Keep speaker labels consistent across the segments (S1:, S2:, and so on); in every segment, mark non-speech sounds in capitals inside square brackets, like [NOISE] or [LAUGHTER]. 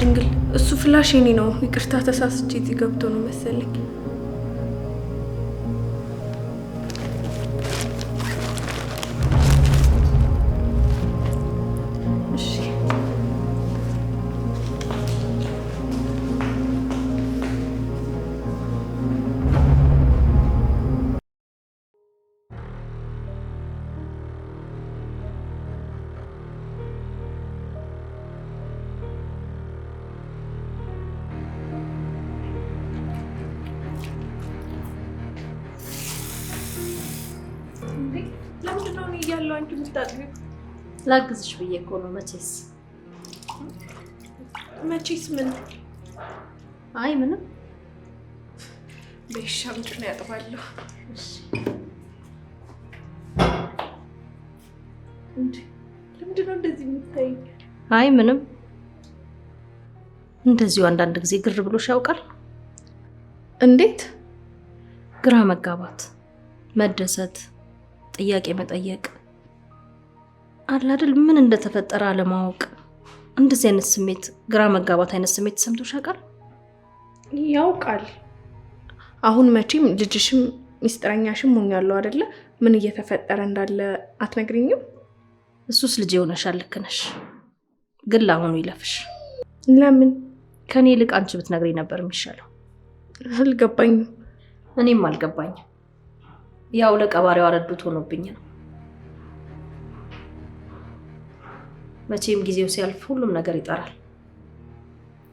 S1: ድንግል እሱ ፍላሽ የኔ ነው። ይቅርታ ተሳስቼ እዚህ ገብቶ ነው መሰለኝ። እያለሁ አንቺ የምታጥቢው
S2: ላግዝሽ ብዬ እኮ ነው። መቼስ መቼስ ምን አይ ምንም
S1: በሻ ምንድን ነው ያጥባለሁ። ለምንድን ነው እንደዚህ የምታይ?
S2: አይ ምንም እንደዚሁ አንዳንድ ጊዜ ግር ብሎሽ ያውቃል? እንዴት ግራ መጋባት፣ መደሰት፣ ጥያቄ መጠየቅ አላድል ምን እንደተፈጠረ አለማወቅ እንደዚህ አይነት ስሜት ግራ መጋባት አይነት ስሜት ሰምቶሽ ያውቃል?
S1: ያውቃል። አሁን መቼም ልጅሽም ሚስጥረኛሽም ሆኛለሁ አይደለ? ምን እየተፈጠረ እንዳለ አትነግርኝም?
S2: እሱስ ልጅ የሆነሻል። ልክ ነሽ፣ ግን ለአሁኑ ይለፍሽ። ለምን ከእኔ ይልቅ አንቺ ብትነግሪ ነበር የሚሻለው።
S1: አልገባኝም።
S2: እኔም አልገባኝም። ያው ለቀባሪው አረዱት ሆኖብኝ ነው። መቼም ጊዜው ሲያልፍ ሁሉም ነገር ይጠራል።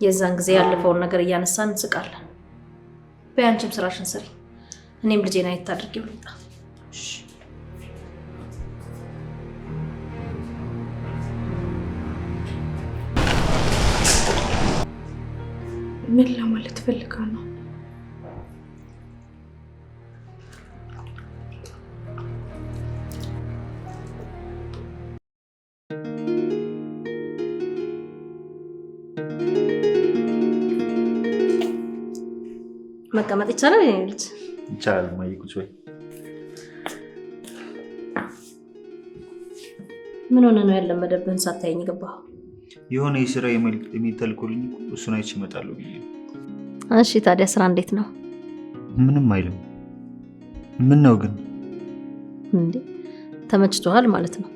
S2: የዛን ጊዜ ያለፈውን ነገር እያነሳን እንስቃለን። በያንችም ስራሽን ስሪ፣ እኔም ልጄን አየት አድርጊው
S1: ምን ለማለት ፈልጋ ነው?
S2: መቀመጥ ይቻላል? የኔ ልጅ
S3: ይቻላል። እማዬ ቁጭ በይ።
S2: ምን ሆነ ነው ያለመደብህን ሳታየኝ ገባህ?
S3: የሆነ የስራ ኢሜል ተልኮልኝ እሱን አይቼ እመጣለሁ ብዬ።
S2: እሺ ታዲያ ስራ እንዴት ነው?
S3: ምንም አይልም። ምን ነው ግን
S2: እንዴ ተመችቶሃል ማለት ነው?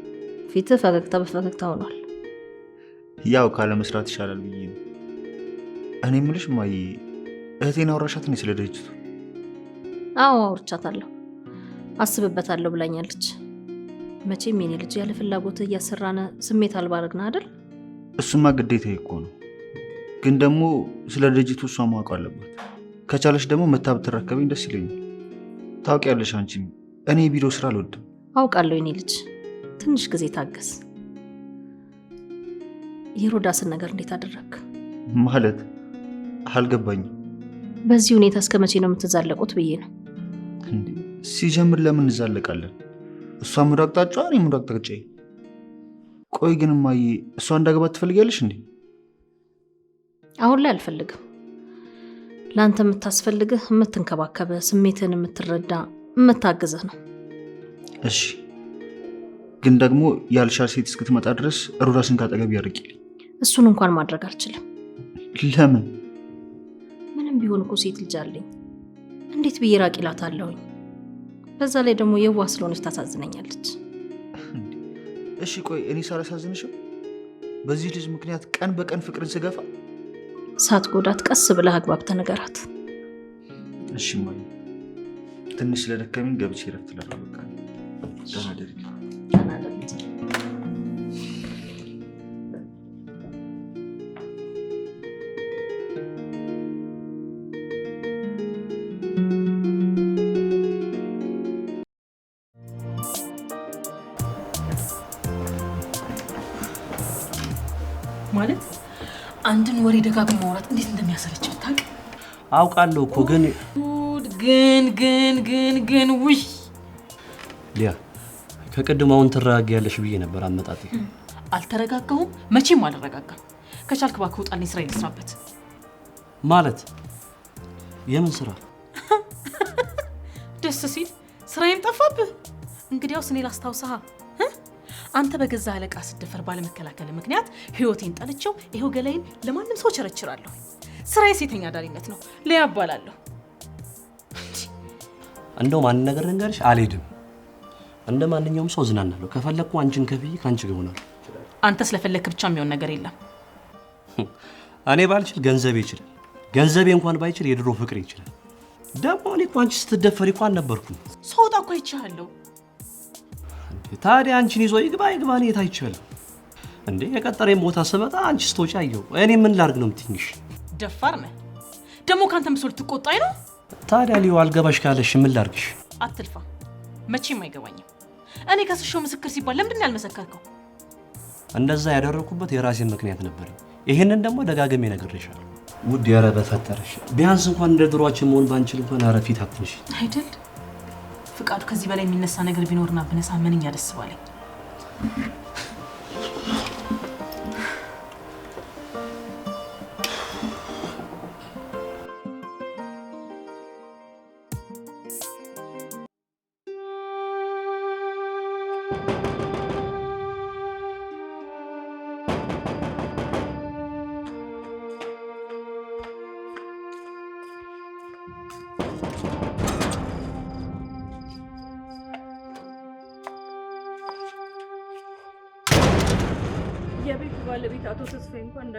S2: ፊትህ ፈገግታ በፈገግታ ሆኗል።
S3: ያው ካለመስራት ይሻላል ብዬ ነው። እኔ ምልሽ እማዬ እህቴን አውራሻት እኔ ስለ ድርጅቱ?
S2: አዎ አውርቻታለሁ፣ አስብበታለሁ ብላኛለች። መቼም የኔ ልጅ ያለ ፍላጎት እያሰራነ ስሜት አልባረግን አይደል?
S3: እሱማ ግዴታ እኮ ነው። ግን ደግሞ ስለ ድርጅቱ እሷ ማወቅ አለባት። ከቻለች ደግሞ መታ ብትረከበኝ ደስ ይለኛል። ታውቂያለሽ አንቺ እኔ የቢሮ ስራ አልወድም።
S2: አውቃለሁ የኔ ልጅ፣ ትንሽ ጊዜ ታገስ። የሮዳስን ነገር እንዴት አደረግ
S3: ማለት አልገባኝም።
S2: በዚህ ሁኔታ እስከ መቼ ነው የምትዛለቁት ብዬ ነው።
S3: ሲጀምር ለምን እንዛለቃለን? እሷ ሙድ አቅጣጫ፣ እኔ አቅጣጫ። ቆይ ግን እማዬ እሷ እንዳገባት ትፈልጊያለሽ እንዴ?
S2: አሁን ላይ አልፈልግም። ለአንተ የምታስፈልግህ የምትንከባከበ፣ ስሜትን የምትረዳ፣ የምታግዝህ ነው።
S3: እሺ ግን ደግሞ ያልሻል ሴት እስክትመጣ ድረስ ሩራስን ካጠገብ ያርቅ።
S2: እሱን እንኳን ማድረግ አልችልም። ለምን? ቢሆን እኮ ሴት ልጅ አለኝ እንዴት ብዬ ራቅ እላታለሁኝ? በዛ ላይ ደግሞ የዋህ ስለሆነች ታሳዝነኛለች።
S3: እሺ ቆይ እኔ ሳላሳዝንሽም በዚህ ልጅ ምክንያት ቀን በቀን ፍቅርን ስገፋ
S2: ጎዳት ቀስ ብለህ አግባብ ተነገራት።
S3: እሺ ትንሽ ስለደከመኝ ገብቼ ደርግ።
S1: ደጋግሞ ማውራት እንዴት እንደሚያሰለቸው ታውቅ?
S3: አውቃለሁ እኮ ግን
S1: ግን ግን ግን ግን ውይ
S3: ሊያ ከቅድም አሁን ትረጋጊያለሽ ብዬ ነበር አመጣጤ።
S1: አልተረጋጋሁም፣ መቼም አልረጋጋም። ከቻልክ እባክህ ውጣልኝ፣ ስራ ይልስራበት።
S3: ማለት የምን ስራ?
S1: ደስ ሲል ስራዬም ጠፋብህ። እንግዲያውስ እኔ ላስታውሰሃ አንተ በገዛ አለቃ ስደፈር ባለመከላከል ምክንያት ህይወቴን ጠልቼው ይሄው ገላይን ለማንም ሰው ቸረችራለሁ። ስራ የሴተኛ አዳሪነት ነው። ሊያ እባላለሁ።
S3: እንደውም አንድ ነገር ልንገርሽ፣ አልሄድም። እንደ ማንኛውም ሰው ዝናናለሁ። ከፈለግኩ አንቺን ከፍዬ ከአንቺ ጋር እሆናለሁ።
S1: አንተ ስለፈለክ ብቻ የሚሆን ነገር የለም።
S3: [LAUGHS] እኔ ባልችል ገንዘቤ ይችላል። ገንዘቤ እንኳን ባይችል የድሮ ፍቅር ይችላል። ደግሞ እኔ እኮ አንቺ ስትደፈሪ እኮ አልነበርኩም።
S1: ሰውጣ እኮ ይቻለሁ
S3: ታዲያ አንቺን ይዞ ይግባ ይግባ እኔ አይችልም እንዴ? የቀጠረኝ ቦታ ስመጣ አንቺ ስትወጪ አየሁ። እኔ ምን ላርግ ነው የምትይኝሽ?
S1: ደፋር ነህ ደግሞ። ከአንተ ምስል ትቆጣኝ ነው።
S3: ታዲያ ሊዮ አልገባሽ ካለሽ ምን ላርግሽ?
S1: አትልፋ፣ መቼም አይገባኝም። እኔ ከስሾ ምስክር ሲባል ለምንድን ያልመሰከርከው?
S3: እንደዛ ያደረኩበት የራሴን ምክንያት ነበር። ይሄንን ደግሞ ደጋግሜ ነግሬሻለሁ ውድ። ኧረ በፈጠረሽ ቢያንስ እንኳን እንደ ድሯችን መሆን ባንችል እንኳን ኧረ አትንሽ
S1: አይደል ፍቃዱ ከዚህ በላይ የሚነሳ ነገር ቢኖርና ብነሳ ምንኛ ደስ ባለኝ።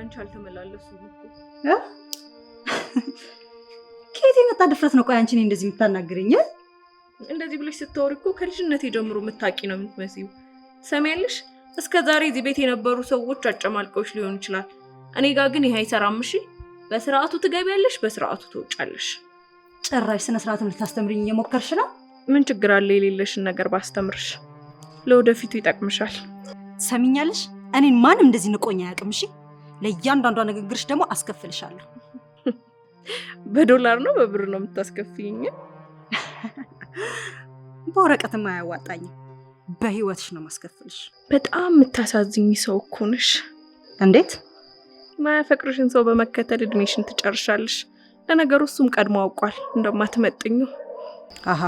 S1: አንቺ አልተመላለሱም እኮ
S2: ከየት የመጣ ድፍረት ነው? ቆይ አንቺ እኔ እንደዚህ የምታናግረኝ?
S1: እንደዚህ ብለሽ ስታወሪ እኮ ከልጅነቴ ጀምሮ የምታውቂ ነው የምትመስዩ። ሰሚያለሽ፣ እስከ ዛሬ እዚህ ቤት የነበሩ ሰዎች አጨማልቀዎች ሊሆን ይችላል። እኔ ጋር ግን ይሄ አይሰራም። እሺ፣ በስርዓቱ ትገቢያለሽ፣ በስርዓቱ ትወጫለሽ።
S2: ጭራሽ ስነ ስርዓትም ልታስተምርኝ እየሞከርሽ ነው።
S1: ምን ችግር አለ የሌለሽን ነገር ባስተምርሽ? ለወደፊቱ ይጠቅምሻል።
S2: ሰሚኛለሽ፣ እኔን ማንም እንደዚህ ንቆኝ አያውቅም። እሺ ለእያንዳንዷ ንግግርሽ ደግሞ አስከፍልሻለሁ። [LAUGHS]
S1: በዶላር ነው በብር ነው የምታስከፍኝ
S2: [LAUGHS] በወረቀትም አያዋጣኝም። በህይወትሽ ነው ማስከፍልሽ።
S1: በጣም የምታሳዝኝ ሰው እኮ ነሽ። እንዴት ማያፈቅርሽን ሰው በመከተል እድሜሽን ትጨርሻለሽ። ለነገሩ እሱም ቀድሞ አውቋል እንደማትመጥኙ።
S2: አሀ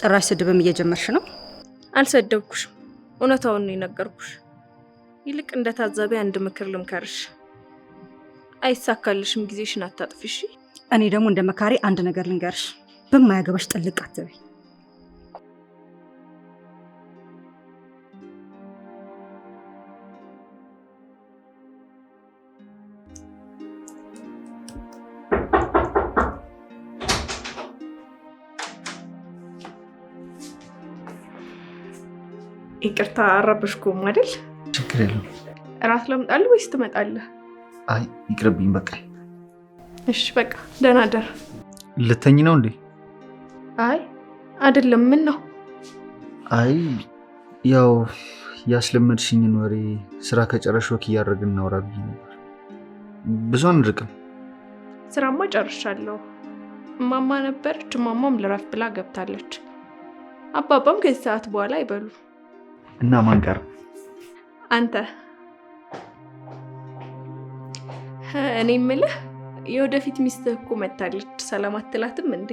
S2: ጭራሽ ስድብም እየጀመርሽ ነው።
S1: አልሰደብኩሽም፣ እውነታውን ነው የነገርኩሽ። ይልቅ እንደ ታዛቢ አንድ ምክር ልምከርሽ። አይሳካልሽም፣ ጊዜሽን አታጥፊ
S2: እኔ ደግሞ እንደ መካሪ አንድ ነገር ልንገርሽ፣ በማያገባሽ ጥልቅ አትበይ።
S1: ይቅርታ አረበሽኩም አይደል? ችግር የለም። እራት ላምጣልህ ወይስ ትመጣለህ?
S3: አይ ይቅርብኝ፣ በቃ
S1: እሺ፣ በቃ ደህና ደር። ልተኝ ነው እንዴ? አይ አይደለም። ምን ነው?
S3: አይ ያው ያስለመድሽኝን ወሬ ስራ ከጨረሽ ወክ እያደረግን እናውራ ብዬ ነበር። ብዙ አንርቅም።
S1: ስራማ ጨርሻለሁ። እማማ ነበረች፣ እማማም ልረፍ ብላ ገብታለች። አባባም ከዚህ ሰዓት በኋላ አይበሉ እና ማን ቀረ? አንተ እኔ የምልህ የወደፊት ሚስትህ እኮ መታለች። ሰላም አትላትም እንዴ?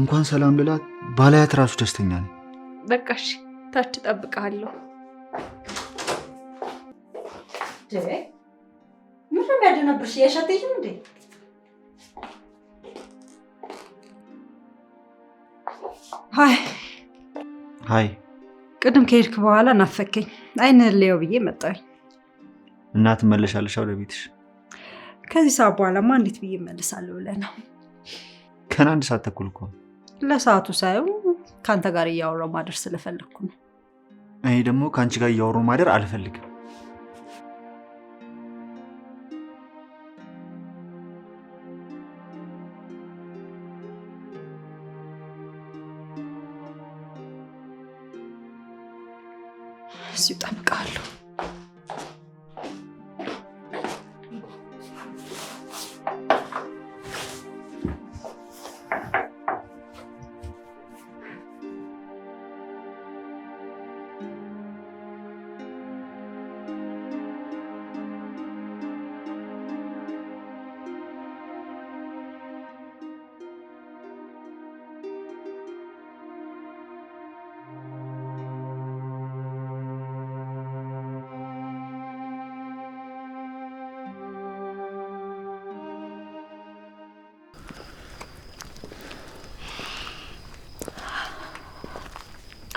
S3: እንኳን ሰላም ልላት ባላያት ራሱ ደስተኛ ነኝ።
S1: በቃ እሺ፣ ታች እጠብቅሃለሁ።
S2: ምን የሚያደነብርሽ? የሸትይም እንዴ?
S1: ሀይ ሀይ ቅድም ከሄድክ በኋላ ናፈከኝ። አይንህን ልየው ብዬ መጣሁ።
S3: እና ትመለሻለሽ ወደ ቤትሽ?
S1: ከዚህ ሰዓት በኋላማ እንዴት ብዬ እመለሳለሁ ብለህ ነው?
S3: ከን አንድ ሰዓት ተኩል እኮ
S1: ለሰዓቱ ሳይሆን ከአንተ ጋር እያወራሁ ማደር ስለፈለግኩ ነው።
S3: እኔ ደግሞ ከአንቺ ጋር እያወሩ ማደር አልፈልግም።
S1: እዚሁ እጠብቅሃለሁ።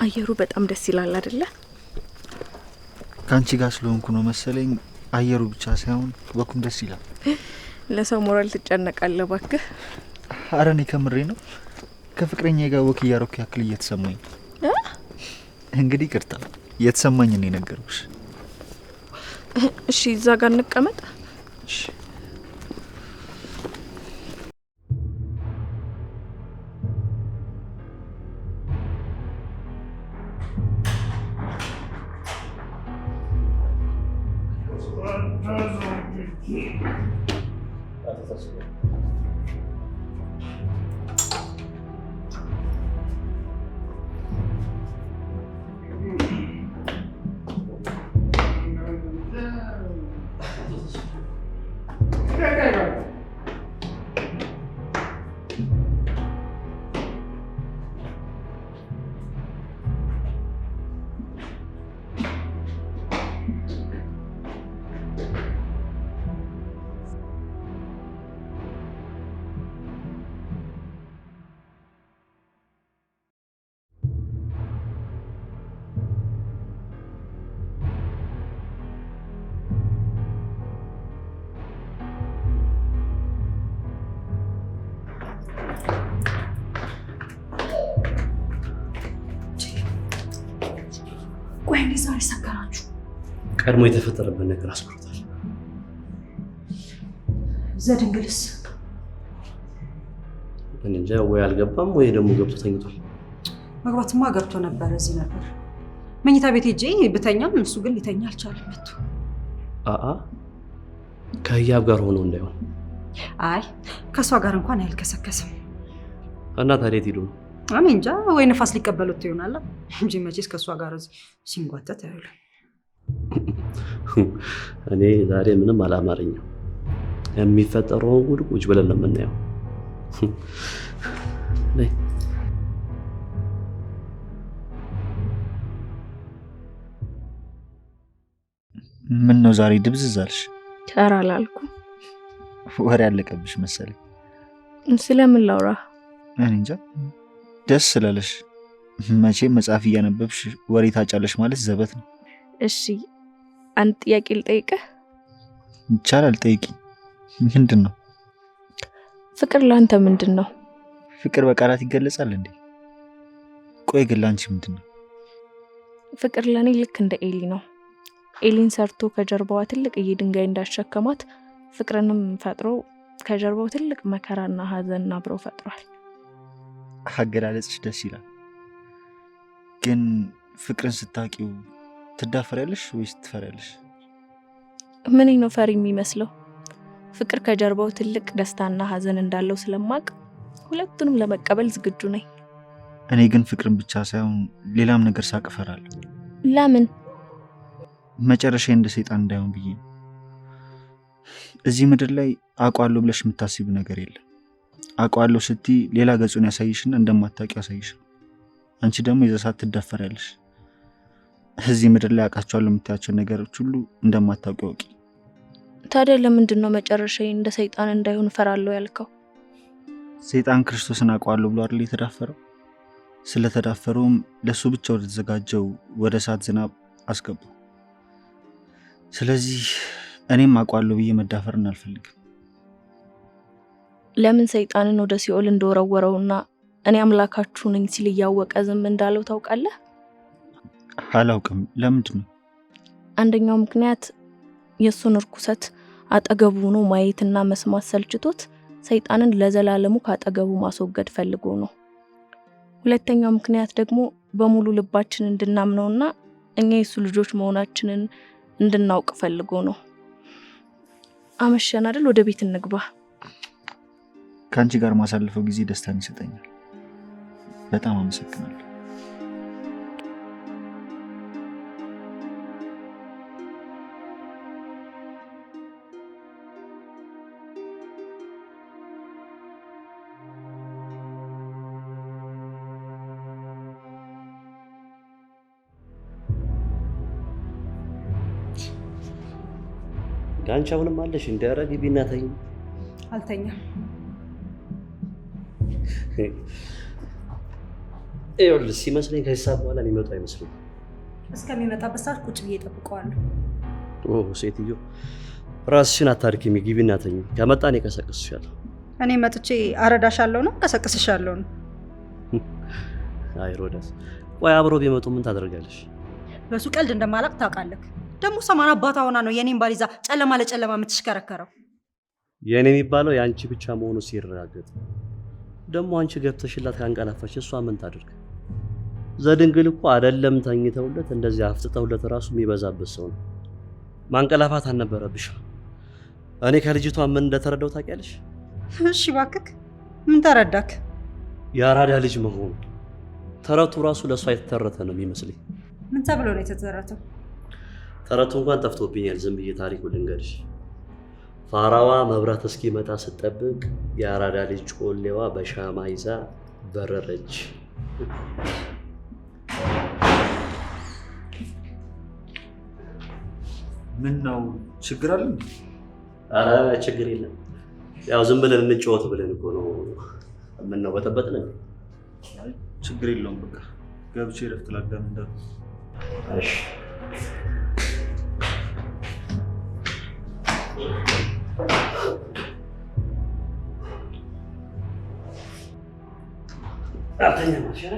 S1: አየሩ በጣም ደስ ይላል አይደለ?
S3: ከአንቺ ጋር ስለሆንኩ ነው መሰለኝ። አየሩ ብቻ ሳይሆን ወኩም ደስ ይላል።
S1: ለሰው ሞራል ትጨነቃለህ ባክ
S3: አረ እኔ ከምሬ ነው። ከፍቅረኛ ጋር ወክ እያረኩ ያክል እየተሰማኝ እንግዲህ ቅርታ የተሰማኝ ነው የነገርኩሽ።
S1: እሺ እዛ ጋር እንቀመጥ።
S3: ቀድሞ የተፈጠረበት ነገር አስቆርታል። ዘድንግልስ እንጃ ወይ አልገባም ወይ ደግሞ ገብቶ ተኝቷል።
S1: መግባትማ ገብቶ ነበር፣ እዚህ ነበር። መኝታ ቤት ሄጄ ብተኛም እሱ ግን ሊተኛ አልቻለም። መጥቶ
S3: አአ ከህያብ ጋር ሆኖ እንዳይሆን።
S1: አይ ከእሷ ጋር እንኳን አያልከሰከስም።
S3: እና ታዲያ የት ሄዶ ነው?
S1: እኔ እንጃ፣ ወይ ነፋስ ሊቀበሉት ይሆናል እንጂ መቼስ ከእሷ ጋር እዚህ ሲንጓተት አይሉም።
S3: እኔ ዛሬ ምንም አላማረኝም። የሚፈጠረውን ጉድ ቁጭ ብለን ነው የምናየው። ምን ነው ዛሬ ድብዝዝ አልሽ?
S1: ተራ አላልኩም።
S3: ወሬ ያለቀብሽ መሰለኝ። ስለምን ላውራ? እንጃ ደስ ስላለሽ። መቼም መጽሐፍ እያነበብሽ ወሬ ታጫለሽ ማለት ዘበት ነው።
S1: እሺ አንድ ጥያቄ ልጠይቅህ
S3: ይቻላል? ጠይቂ። ምንድን ነው
S1: ፍቅር ለአንተ ምንድን ነው?
S3: ፍቅር በቃላት ይገለጻል እንዴ? ቆይ ግን ለአንቺ ምንድን ነው
S1: ፍቅር? ለእኔ ልክ እንደ ኤሊ ነው። ኤሊን ሰርቶ ከጀርባዋ ትልቅዬ ድንጋይ እንዳሸከማት ፍቅርንም ፈጥሮ ከጀርባው ትልቅ መከራና ሐዘን አብረው ፈጥሯል።
S3: አገላለጽሽ ደስ ይላል፣ ግን ፍቅርን ስታቂው? ትዳፈሪያለሽ ወይስ ትፈሪያለሽ?
S1: ምን ነው ፈሪ የሚመስለው? ፍቅር ከጀርባው ትልቅ ደስታና ሀዘን እንዳለው ስለማቅ ሁለቱንም ለመቀበል ዝግጁ ነኝ።
S3: እኔ ግን ፍቅርን ብቻ ሳይሆን ሌላም ነገር ሳቅ እፈራለሁ። ለምን? መጨረሻ እንደ ሰይጣን እንዳይሆን ብዬ። እዚህ ምድር ላይ አውቀዋለሁ ብለሽ የምታስቢው ነገር የለም። አውቀዋለሁ ስትይ ሌላ ገጹን ያሳይሽና እንደማታውቂ ያሳይሽ። አንቺ ደግሞ የዛ ሰዓት ትዳፈሪያለሽ። እዚህ ምድር ላይ ያውቃቸዋለሁ የምታያቸው ነገሮች ሁሉ እንደማታውቂ ወቂ።
S1: ታዲያ ለምንድን ነው መጨረሻ እንደ ሰይጣን እንዳይሆን እፈራለሁ ያልከው?
S3: ሰይጣን ክርስቶስን አውቀዋለሁ ብሎ አይደል የተዳፈረው? ስለተዳፈረውም ለእሱ ብቻ ወደተዘጋጀው ወደ እሳት ዝናብ አስገቡ። ስለዚህ እኔም አውቀዋለሁ ብዬ መዳፈርን አልፈልግም።
S1: ለምን ሰይጣንን ወደ ሲኦል እንደወረወረውና እኔ አምላካችሁ ነኝ ሲል እያወቀ ዝም እንዳለው ታውቃለህ?
S3: አላውቅም። ለምንድን ነው?
S1: አንደኛው ምክንያት የእሱን እርኩሰት አጠገቡ ሆኖ ማየትና መስማት ሰልችቶት ሰይጣንን ለዘላለሙ ካጠገቡ ማስወገድ ፈልጎ ነው። ሁለተኛው ምክንያት ደግሞ በሙሉ ልባችን እንድናምነውና እኛ የሱ ልጆች መሆናችንን እንድናውቅ ፈልጎ ነው። አመሸን አይደል? ወደ ቤት እንግባ።
S3: ከአንቺ ጋር ማሳለፈው ጊዜ ደስታን ይሰጠኛል። በጣም አመሰግናለሁ። አንቺ አሁንም አለሽ እንደ ኧረ ግቢ እና ተኝ። አልተኛም። ይኸውልህ ሲመስለኝ ከሂሳብ በኋላ የሚመጡ አይመስልም።
S1: እስከሚመጣበት ሰዓት ቁጭ ብዬ እጠብቀዋለሁ።
S3: ሴትዮ ራስሽን አታድክሚ፣ ግቢ እና ተኝ። ከመጣ እኔ እቀሰቅስሻለሁ።
S1: እኔ መጥቼ አረዳሻለሁ ነው እቀሰቅስሻለሁ ነው?
S3: አይ ሮዳስ፣ ቆይ አብሮ ቢመጡ ምን ታደርጋለሽ?
S1: በሱ ቀልድ እንደማላቅ ታውቃለህ። ደግሞ ሰማን አባታ ሆና ነው የኔን ባል ይዛ ጨለማ ለጨለማ የምትሽከረከረው።
S3: የእኔ የሚባለው የአንቺ ብቻ መሆኑ ሲረጋገጥ ደግሞ አንቺ ገብተሽላት ካንቀላፋች እሷ ምን ታደርግ? ዘድንግል እኮ አደለም ተኝተውለት እንደዚህ አፍጥጠውለት እራሱ የሚበዛበት ሰው ነው። ማንቀላፋት አልነበረብሽም። እኔ ከልጅቷ ምን እንደተረዳው ታውቂያለሽ?
S1: እሺ እባክህ ምን ተረዳክ?
S3: የአራዳ ልጅ መሆኑ ተረቱ ራሱ ለእሷ የተተረተ ነው የሚመስለኝ።
S1: ምን ተብሎ ነው የተተረተው?
S3: ተረቱ እንኳን ጠፍቶብኛል። ዝም ብዬ ታሪኩ ልንገርሽ። ፋራዋ መብራት እስኪመጣ ስጠብቅ የአራዳ ልጅ ጮሌዋ በሻማ ይዛ በረረች።
S4: ምን ነው ችግር አለ?
S3: አረ ችግር የለም። ያው ዝም ብለን እንጫወት ብለን እኮ ነው። ምን ነው በጠበጥ
S4: ችግር የለውም። በቃ ገብቼ ረፍት ላዳም እንዳሉ።
S3: እሺ ራብተኛ ናቸው።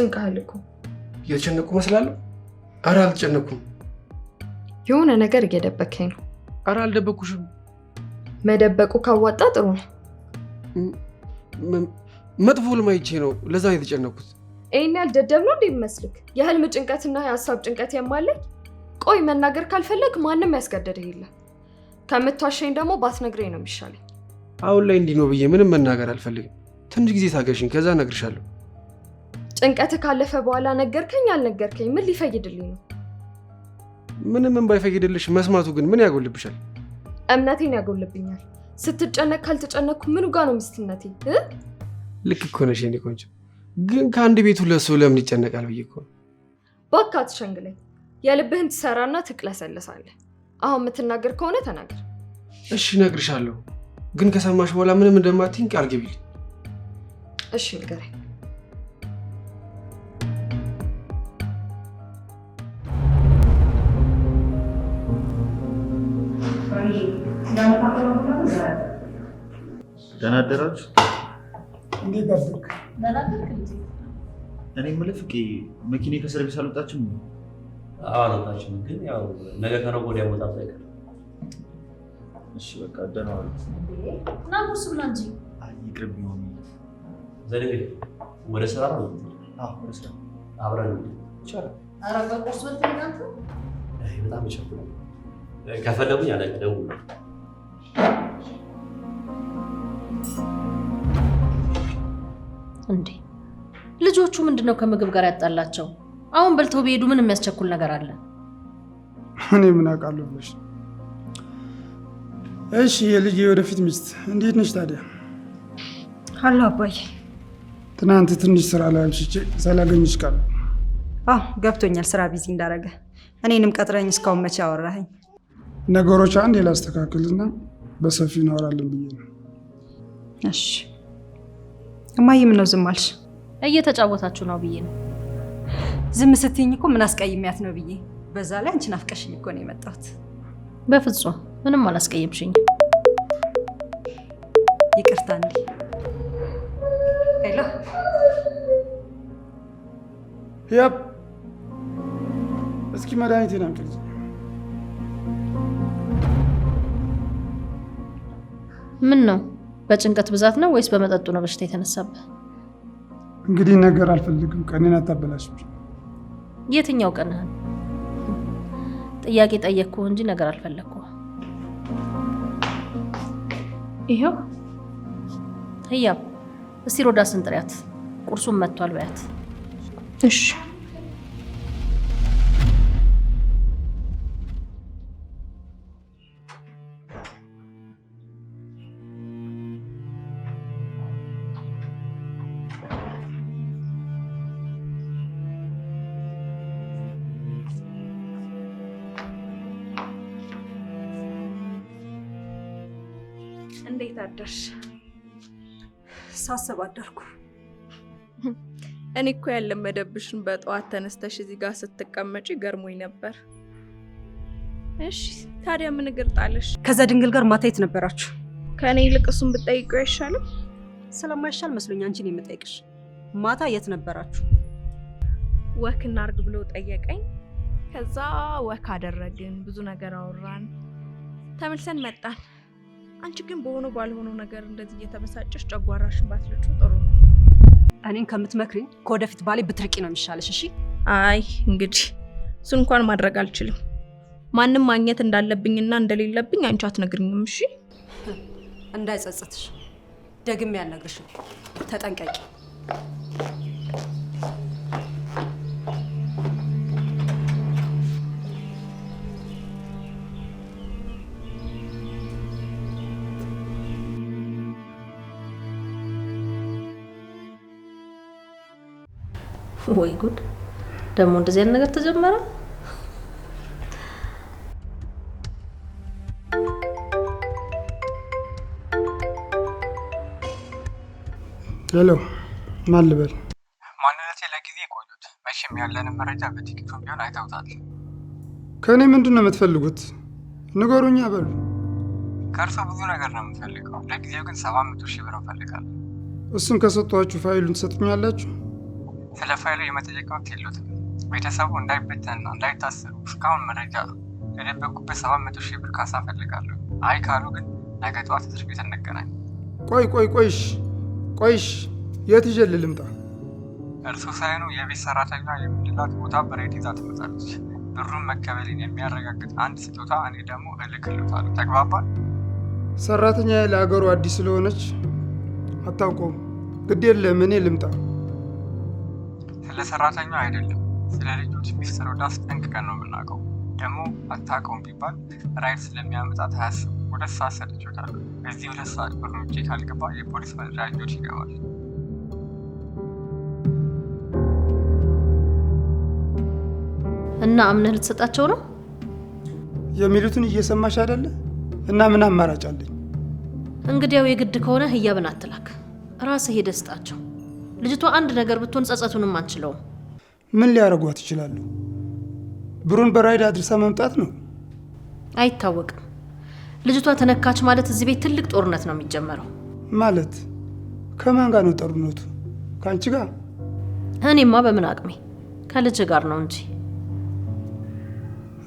S3: ጭንቀሃል እኮ። እየተጨነቁ እመስላለሁ? አረ
S1: የሆነ ነገር እየደበከኝ ነው።
S3: አረ አልደበኩሽም።
S1: መደበቁ ካዋጣ ጥሩ ነው።
S3: መጥፎ ልማይቼ ነው፣ ለዛ የተጨነኩት።
S1: ይህን ያህል ደደብ ነው እንዴ የሚመስልክ? የህልም ጭንቀትና የሀሳብ ጭንቀት የማለኝ። ቆይ መናገር ካልፈለግ ማንም ያስገደደ የለም። ከምታሸኝ ደግሞ ባትነግረኝ ነው የሚሻለኝ።
S3: አሁን ላይ እንዲህ ነው ብዬ ምንም መናገር አልፈልግም። ትንሽ ጊዜ ታገሽኝ፣ ከዛ እነግርሻለሁ።
S1: ጭንቀት ካለፈ በኋላ ነገርከኝ አልነገርከኝ ምን ሊፈይድልኝ ነው?
S3: ምንም ባይፈይድልሽ መስማቱ ግን ምን ያጎልብሻል?
S1: እምነቴን ያጎልብኛል። ስትጨነቅ ካልተጨነቅኩ ምኑ ጋ ነው ምስትነቴ?
S3: ልክ እኮ ነሽ የኔ ቆንጆ። ግን ከአንድ ቤቱ ለሰው ለምን ይጨነቃል ብዬ እኮ ነው።
S1: እባክህ አትሸንግለኝ። የልብህን ትሰራና ትቅለሰለሳለህ። አሁን የምትናገር ከሆነ ተናገር።
S3: እሺ እነግርሻለሁ፣ ግን ከሰማሽ በኋላ ምንም እንደማትይኝ ቃል ግቢልኝ። እሺ ንገረኝ። ደህና አደራችሁ። እኔ የምልህ ፍቄ መኪና ከሰርቪስ አልወጣችም? አዎ አልወጣችም፣ ግን ያው ነገ ከነገ ወዲያ መውጣት አይቀርም። እሺ በቃ ደህና ዋሉ።
S1: ናሱ ብላ እንጂ
S3: ይቅርብኝ። ዘደቤ ወደ ስራ ነው ወደ ስራ አብረን
S5: ይቻላል። ኧረ በቁርስ
S3: በጣም ይቸኩላል። ከፈለጉኝ አለ ደውል
S1: እንዴ ልጆቹ ምንድን ነው ከምግብ ጋር ያጣላቸው? አሁን በልተው ቢሄዱ ምን የሚያስቸኩል ነገር አለ?
S4: እኔ ምን አውቃለሁ ብለሽ። እሺ የልጅ የወደፊት ሚስት እንዴት ነች ታዲያ? አሎ አባዬ። ትናንት ትንሽ ስራ ላይ አምሽቼ ሳላገኝሽ ቃል።
S1: አዎ ገብቶኛል፣ ስራ ቢዚ እንዳረገ እኔንም ቀጥረኝ እስካሁን መቼ አወራኸኝ።
S4: ነገሮች አንድ ላስተካክልና በሰፊ እናወራለን ብዬ ነው
S1: እሺ እማዬ፣ ምን ነው ዝም አልሽ?
S2: እየተጫወታችሁ ነው ብዬ ነው
S1: ዝም ስትይኝ እኮ ምን አስቀይሚያት ነው ብዬ። በዛ ላይ አንቺን አፍቀሽኝ እኮ ነው የመጣሁት።
S2: በፍጹም ምንም አላስቀየምሽኝ።
S1: ይቅርታ እንዴ። ሄሎ
S4: ያብ፣ እስኪ መድኃኒቴን አምጪልኝ።
S2: ምን ነው በጭንቀት ብዛት ነው ወይስ በመጠጡ ነው በሽታ የተነሳብህ?
S4: እንግዲህ ነገር አልፈልግም። ቀኔን አታበላሽ።
S2: የትኛው ቀንህን? ጥያቄ ጠየቅኩ እንጂ ነገር አልፈለግኩ። ይኸው ህያብ፣ እስቲ ሮዳስን ጥሪያት፣ ቁርሱን መጥቷል በያት።
S1: እሺ ደርሽ? ሳስብ አደርኩ። እኔ እኮ ያለመደብሽን በጠዋት ተነስተሽ እዚህ ጋር ስትቀመጪ ገርሞኝ ነበር። እሺ ታዲያ ምን እግር ጣለሽ?
S2: ከዛ ድንግል ጋር ማታ የት ነበራችሁ?
S1: ከእኔ ይልቅ እሱን ብጠይቀው አይሻልም?
S2: ስለማይሻል መስሎኝ አንቺን የምጠይቅሽ። ማታ የት ነበራችሁ?
S1: ወክ እናርግ ብሎ ጠየቀኝ። ከዛ ወክ አደረግን፣ ብዙ ነገር አወራን፣ ተመልሰን መጣን። አንቺ ግን በሆነው ባልሆነው ነገር እንደዚህ እየተበሳጨሽ ጨጓራሽን ባትልጩ ጥሩ ነው።
S2: እኔን ከምትመክሪ ከወደፊት ባሌ ብትርቂ ነው የሚሻለሽ። እሺ።
S1: አይ እንግዲህ እሱ እንኳን ማድረግ አልችልም። ማንም ማግኘት እንዳለብኝና እንደሌለብኝ አንቺ አትነግርኝም። እሺ።
S2: እንዳይጸጽትሽ ደግሜ ያልነግርሽም። ተጠንቀቂ። ወይ ጉድ! ደግሞ እንደዚህ አይነት ነገር ተጀመረ።
S4: ሄሎ፣ ማን ልበል?
S6: ማንነቴ ለጊዜ ቆዩት። መቼም ያለንን መረጃ በጥቂቱ ቢሆን አይተውታል።
S4: ከእኔ ምንድን ነው የምትፈልጉት? ንገሩኛ በሉ።
S6: ከእርሶ ብዙ ነገር ነው የምፈልገው። ለጊዜው ግን ሰባ መቶ ሺህ ብር እንፈልጋለን።
S4: እሱን ከሰጧችሁ ፋይሉን ትሰጡኛላችሁ?
S6: ስለ ፋይሉ የመጠየቅ መብት የሉትም። ቤተሰቡ እንዳይበተንና እንዳይታሰሩ እስካሁን መረጃ የደበቁበት ሰባት መቶ ሺህ ብር ካሳ ፈልጋለሁ። አይ ካሉ ግን ነገ ጠዋት እስር ቤት እንገናኝ።
S4: ቆይ ቆይ ቆይሽ ቆይሽ የት ይዤ ልምጣ?
S6: እርሱ ሳይኑ የቤት ሰራተኛ የምንላት ቦታ በሬት ይዛ ትመጣለች። ብሩን መከበልን የሚያረጋግጥ አንድ ስጦታ እኔ ደግሞ እልክልታለሁ። ተግባባል?
S4: ሰራተኛ ለአገሩ አዲስ ስለሆነች አታውቀውም። ግድ የለም እኔ ልምጣ።
S6: ስለ ሰራተኛ አይደለም ስለ ልጆች ወደ አስጠንቅቀን ነው የምናውቀው። ደግሞ አታውቀውም ቢባል ራይት ስለሚያመጣ ታያስብ ሁለት ሰዓት ሰጥቼዎታል። እዚህ ሁለት ሰዓት ብርኖቼ ካልገባ የፖሊስ ልጆች ይገባል።
S2: እና አምነህ ልትሰጣቸው ነው
S4: የሚሉትን እየሰማሽ አይደለ? እና ምን አማራጭ አለኝ?
S2: እንግዲያው የግድ ከሆነ ህያብን አትላክ፣ ራስህ ሄደህ ስጣቸው። ልጅቷ አንድ ነገር ብትሆን ጸጸቱንም አንችለውም።
S4: ምን ሊያደርጓት ይችላሉ? ብሩን በራይድ አድርሳ መምጣት ነው።
S2: አይታወቅም። ልጅቷ ተነካች ማለት እዚህ ቤት ትልቅ ጦርነት ነው የሚጀመረው።
S4: ማለት ከማን ጋር ነው ጦርነቱ? ከአንቺ ጋር?
S2: እኔማ በምን አቅሜ ከልጅ ጋር ነው እንጂ።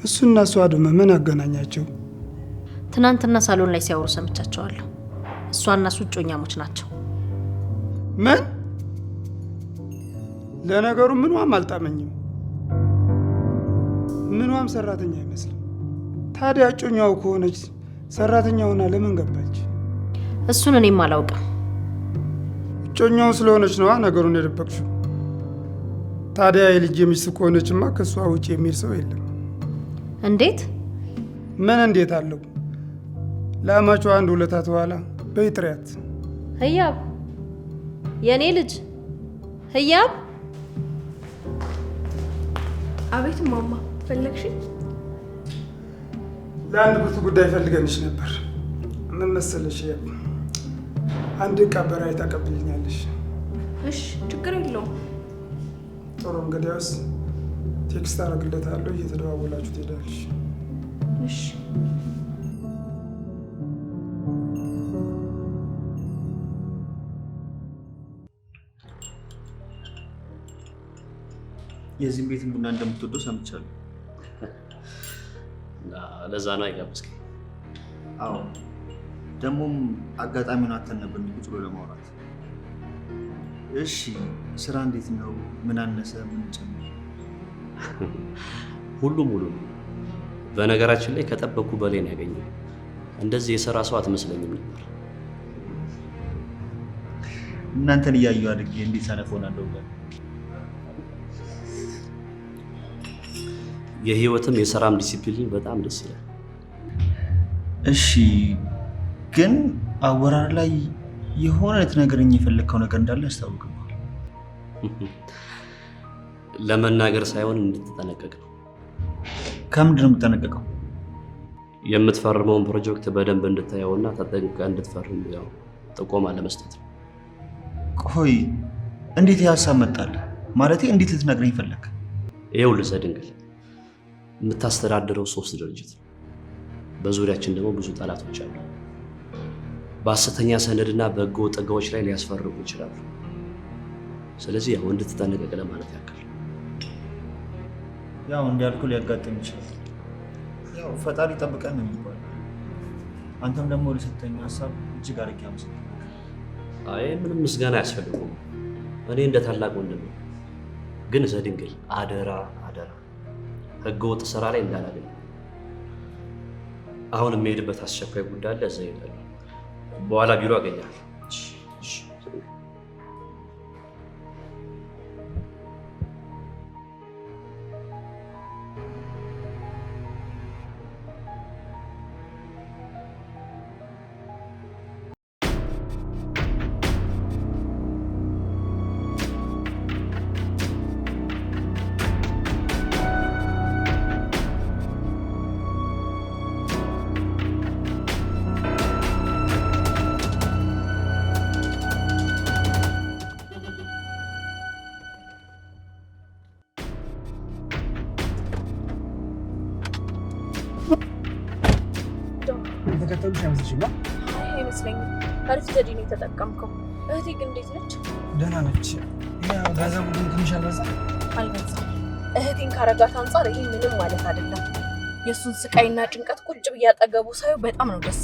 S4: እሱና እሷ ደግሞ ምን አገናኛቸው?
S2: ትናንትና ሳሎን ላይ ሲያወሩ ሰምቻቸዋለሁ። እሷና እሱ እጮኛሞች ናቸው።
S4: ምን ለነገሩ ምንዋም አልጣመኝም። ምንዋም ሰራተኛ አይመስልም። ታዲያ እጮኛው ከሆነች ሰራተኛ ሆና ለምን ገባች?
S2: እሱን እኔም አላውቅም።
S4: እጮኛው ስለሆነች ነዋ ነገሩን የደበቅሽው። ታዲያ የልጅ የሚስት ከሆነችማ ከእሷ ውጭ የሚል ሰው የለም። እንዴት? ምን እንዴት አለው? ለአማቿ አንድ ሁለታት በኋላ በይጥሪያት
S2: ህያብ የእኔ ልጅ ህያብ
S1: አቤት ማማ፣ ፈለግሽ
S4: ለአንድ ጉት ጉዳይ ፈልገንሽ ነበር። ምን መሰለሽ፣ አንድ ዕቃ በራይ ታቀብልኛለሽ?
S1: እሺ፣ ችግር የለውም።
S4: ጥሩ፣ እንግዲያውስ ቴክስት አደርግለታለሁ፣ እየተደዋወላችሁ ትሄዳለሽ።
S1: እሺ
S7: የዚህም ቤትን ቡና እንደምትወደው ሰምቻለሁ።
S3: [LAUGHS] ለዛ ነው አይጋብዝከኝ?
S7: አዎ፣ ደግሞም አጋጣሚ ነው አተን ነበር ቁጭ ብሎ ለማውራት። እሺ፣ ስራ እንዴት ነው? ምን አነሰ? ምን ጨመረ? [LAUGHS]
S3: ሁሉም ሙሉ ነው። በነገራችን ላይ ከጠበቅኩ በላይ ነው ያገኘው። እንደዚህ የሰራ ሰው አትመስለኝም ነበር።
S7: እናንተን እያየሁ አድጌ እንዴት ሰነፍ ሆናለሁ።
S3: የህይወትም የስራም ዲሲፕሊን በጣም ደስ ይላል።
S7: እሺ፣ ግን አወራር ላይ የሆነ ልትነግረኝ የፈለግከው ነገር እንዳለ ያስታውቅባል። [LAUGHS]
S3: ለመናገር ሳይሆን እንድትጠነቀቅ ነው።
S7: ከምንድን ነው
S3: የምትፈርመውን ፕሮጀክት በደንብ እንድታየውና ተጠንቅቀህ እንድትፈርም ያው ጥቆማ ለመስጠት ነው።
S7: ቆይ እንዴት ያሳመጣል? መጣልህ? ማለቴ እንዴት ልትነግረኝ ፈለግ?
S3: ይኸውልህ ዘ የምታስተዳድረው ሶስት ድርጅት ነው። በዙሪያችን ደግሞ ብዙ ጠላቶች አሉ። በሐሰተኛ ሰነድና በህገ ወጥ ላይ ሊያስፈርጉ ይችላሉ። ስለዚህ ያው እንድትጠነቀቅ ለማለት ያክል።
S7: ያው እንዲያልኩ ሊያጋጥም ይችላል። ያው ፈጣሪ ይጠብቀን ነው የሚባለው። አንተም ደግሞ ለሰጠኝ ሀሳብ እጅግ አድርጌ አመሰግናለሁ።
S3: አይ ምንም ምስጋና አያስፈልገውም። እኔ እንደ ታላቅ ወንድም ግን ዘድንግል አደራ አደራ ህገወጥ ስራ ላይ እንዳላገኝ። አሁን የሚሄድበት አስቸኳይ ጉዳይ አለ። እዛ ይሄዳል። በኋላ ቢሮ አገኛል።
S4: ሳይመስልሽ ነው?
S1: አይመስለኝም። አሪፍ ዘዴ ነው የተጠቀምከው። እህቴ ግን እንዴት ነች?
S4: ደህና ነች። ጋዛ ቡድን ትንሽ አልበዛ
S1: አልበዛ። እህቴን ካረጋት አንጻር ይህ ምንም ማለት አይደለም። የእሱን ስቃይና ጭንቀት ቁጭ ብዬ አጠገቡ ሳየው በጣም ነው ደስ